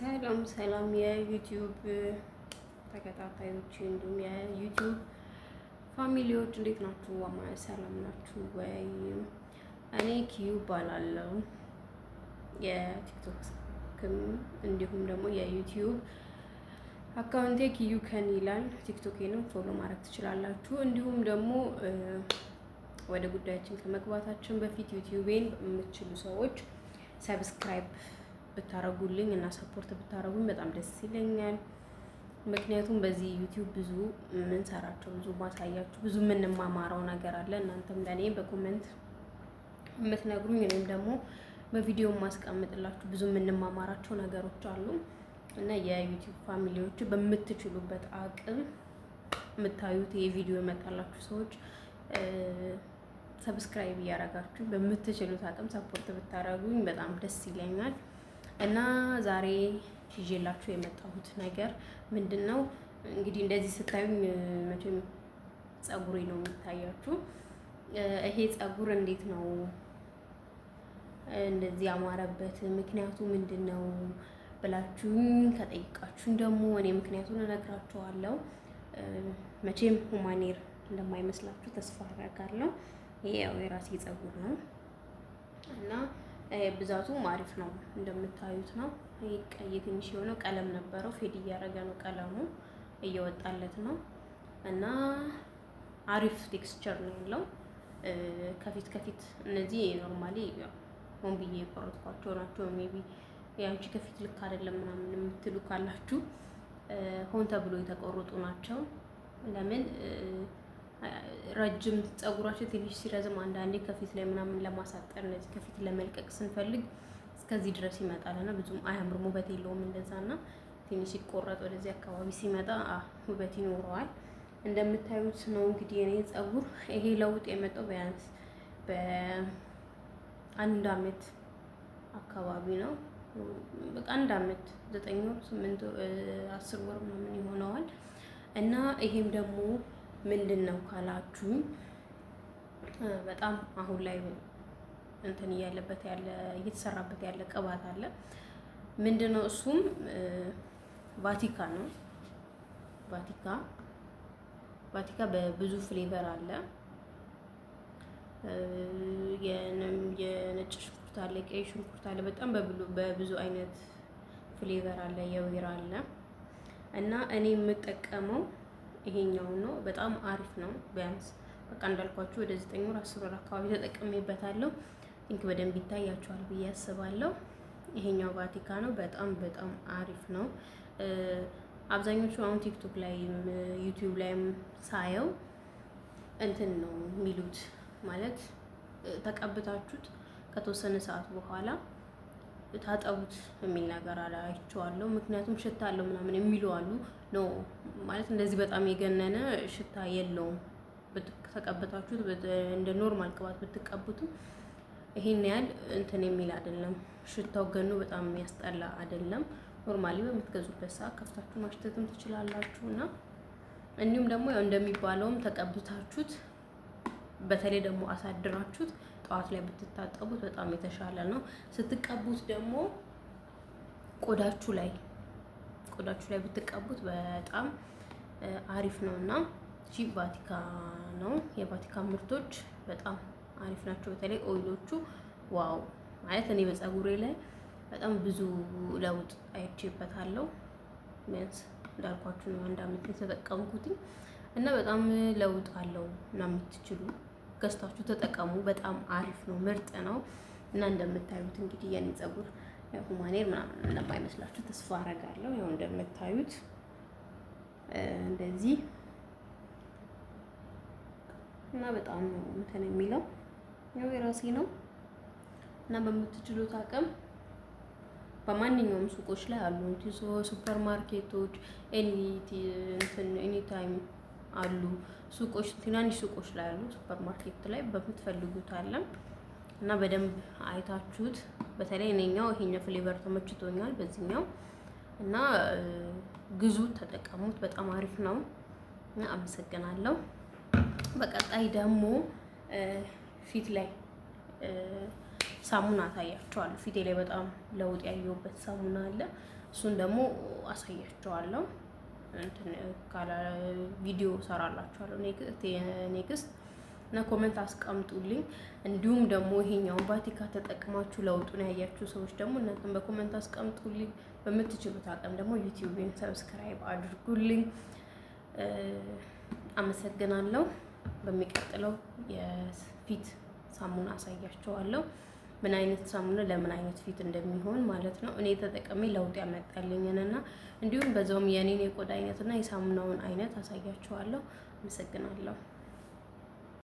ሰላም ሰላም የዩቲዩብ ተከታታዮች እንዲሁም የዩቲዩብ ፋሚሊዎች እንዴት ናችሁ? ዋማ ሰላም ናችሁ ወይ? እኔ ኪዩ ባላለው የቲክቶክም እንዲሁም ደግሞ የዩቲዩብ አካውንቴ ኪዩ ከን ይላል። ቲክቶኬንም ፎሎ ማድረግ ትችላላችሁ። እንዲሁም ደግሞ ወደ ጉዳያችን ከመግባታችን በፊት ዩቲዩቤን የምትችሉ ሰዎች ሰብስክራይብ ብታረጉልኝ እና ሰፖርት ብታረጉኝ በጣም ደስ ይለኛል። ምክንያቱም በዚህ ዩቲዩብ ብዙ የምንሰራቸው ብዙ ማሳያችሁ ብዙ የምንማማረው ነገር አለ። እናንተም ለእኔ በኮመንት የምትነግሩኝ ወይም ደግሞ በቪዲዮ ማስቀምጥላችሁ ብዙ የምንማማራቸው ነገሮች አሉ እና የዩቲዩብ ፋሚሊዎች በምትችሉበት አቅም የምታዩት የቪዲዮ የመጣላችሁ ሰዎች ሰብስክራይብ እያደረጋችሁ በምትችሉት አቅም ሰፖርት ብታደረጉኝ በጣም ደስ ይለኛል። እና ዛሬ ይዤላችሁ የመጣሁት ነገር ምንድን ነው እንግዲህ እንደዚህ ስታዩኝ መቼም ጸጉሬ ነው የሚታያችሁ። ይሄ ፀጉር እንዴት ነው እንደዚህ ያማረበት ምክንያቱ ምንድን ነው ብላችሁኝ ከጠይቃችሁኝ ደግሞ እኔ ምክንያቱን እነግራችኋለሁ። መቼም ሁማኔር እንደማይመስላችሁ ተስፋ አደርጋለሁ። ይሄ ያው የራሴ ፀጉር ነው እና ብዛቱም አሪፍ ነው እንደምታዩት ነው። ቀይ ትንሽ የሆነ ቀለም ነበረው ፌድ እያደረገ ነው ቀለሙ እየወጣለት ነው እና አሪፍ ቴክስቸር ነው ያለው። ከፊት ከፊት እነዚህ ኖርማሊ ሆን ብዬ የቆረጥኳቸው ናቸው። ቢ የአንቺ ከፊት ልክ አይደለም ምናምን የምትሉ ካላችሁ ሆን ተብሎ የተቆረጡ ናቸው። ለምን ረጅም ፀጉራቸው ትንሽ ሲረዝም አንዳንዴ ከፊት ላይ ምናምን ለማሳጠር እነዚህ ከፊት ለመልቀቅ ስንፈልግ እስከዚህ ድረስ ይመጣል እና ብዙም አያምርም፣ ውበት የለውም እንደዛ እና ትንሽ ሲቆረጥ ወደዚህ አካባቢ ሲመጣ ውበት ይኖረዋል። እንደምታዩት ነው እንግዲህ የኔ ፀጉር ይሄ ለውጥ የመጣው ቢያንስ በአንድ አመት አካባቢ ነው። በቃ አንድ አመት ዘጠኝ ወር ስምንት አስር ወር ምናምን ይሆነዋል እና ይሄም ደግሞ ምንድን ነው ካላችሁ በጣም አሁን ላይ እንትን እያለበት ያለ እየተሰራበት ያለ ቅባት አለ። ምንድን ነው እሱም ቫቲካ ነው። ቫቲካ ቫቲካ በብዙ ፍሌቨር አለ። የነጭ ሽንኩርት አለ፣ ቀይ ሽንኩርት አለ። በጣም በብዙ አይነት ፍሌቨር አለ፣ የወይራ አለ እና እኔ የምጠቀመው ይሄኛው ነው። በጣም አሪፍ ነው። ቢያንስ በቃ እንዳልኳችሁ ወደ ዘጠኝ ወር አስር ወር አካባቢ ተጠቅሜበታለሁ። ቲንክ በደንብ ይታያችኋል ብዬ አስባለሁ። ይሄኛው ቫቲካ ነው። በጣም በጣም አሪፍ ነው። አብዛኞቹ አሁን ቲክቶክ ላይም ዩቲዩብ ላይም ሳየው እንትን ነው የሚሉት ማለት ተቀብታችሁት ከተወሰነ ሰዓት በኋላ ታጠቡት የሚል ነገር አይቼዋለሁ። ምክንያቱም ሽታ አለው ምናምን የሚሉ አሉ። ኖ ማለት እንደዚህ በጣም የገነነ ሽታ የለውም። ተቀብታችሁት እንደ ኖርማል ቅባት ብትቀቡትም ይሄን ያህል እንትን የሚል አይደለም። ሽታው ገኖ በጣም የሚያስጠላ አይደለም። ኖርማሊ በምትገዙበት ሰዓት ከፍታችሁ ማሽተትም ትችላላችሁ እና እንዲሁም ደግሞ ያው እንደሚባለውም ተቀብታችሁት በተለይ ደግሞ አሳድራችሁት ጠዋት ላይ ብትታጠቡት በጣም የተሻለ ነው። ስትቀቡት ደግሞ ቆዳችሁ ላይ ቆዳችሁ ላይ ብትቀቡት በጣም አሪፍ ነው እና ይህ ቫቲካ ነው። የቫቲካ ምርቶች በጣም አሪፍ ናቸው። በተለይ ኦይሎቹ ዋው ማለት እኔ በፀጉሬ ላይ በጣም ብዙ ለውጥ አይቼበታለሁ። ቢያንስ እንዳልኳችሁ ነው አንድ አመት የተጠቀምኩትኝ እና በጣም ለውጥ አለው እና የምትችሉ ገዝታችሁ ተጠቀሙ። በጣም አሪፍ ነው፣ ምርጥ ነው እና እንደምታዩት እንግዲህ የኔ ፀጉር ሁማኔር ምናምን እንደማይመስላችሁ ተስፋ አረጋለሁ። ያው እንደምታዩት እንደዚህ እና በጣም ነው እንትን የሚለው ያው የራሴ ነው እና በምትችሉት አቅም በማንኛውም ሱቆች ላይ አሉ። ቲሶ ሱፐር ማርኬቶች ኤኒ ታይም አሉ ሱቆች፣ ትናንሽ ሱቆች ላይ አሉ። ሱፐር ማርኬት ላይ በምትፈልጉት አለም እና በደንብ አይታችሁት በተለይ እኔኛው ይሄኛው ፍሌቨር ተመችቶኛል በዚህኛው እና ግዙ ተጠቀሙት። በጣም አሪፍ ነው እና አመሰግናለሁ። በቀጣይ ደግሞ ፊት ላይ ሳሙና አሳያቸዋለሁ። ፊቴ ላይ በጣም ለውጥ ያየሁበት ሳሙና አለ። እሱን ደግሞ አሳያቸዋለሁ። ቪዲዮ ሰራላችኋለሁ ኔክስት እና ኮመንት አስቀምጡልኝ። እንዲሁም ደግሞ ይሄኛውን ቫቲካ ተጠቅማችሁ ለውጡን ያያችሁ ሰዎች ደግሞ እናንተም በኮመንት አስቀምጡልኝ። በምትችሉት አቅም ደግሞ ዩቲዩብን ሰብስክራይብ አድርጉልኝ። አመሰግናለሁ። በሚቀጥለው የፊት ሳሙና አሳያቸዋለሁ ምን አይነት ሳሙና ለምን አይነት ፊት እንደሚሆን ማለት ነው። እኔ ተጠቀሚ ለውጥ ያመጣልኝንና እንዲሁም በዛውም የእኔን የቆዳ አይነትና የሳሙናውን አይነት አሳያችኋለሁ። አመሰግናለሁ።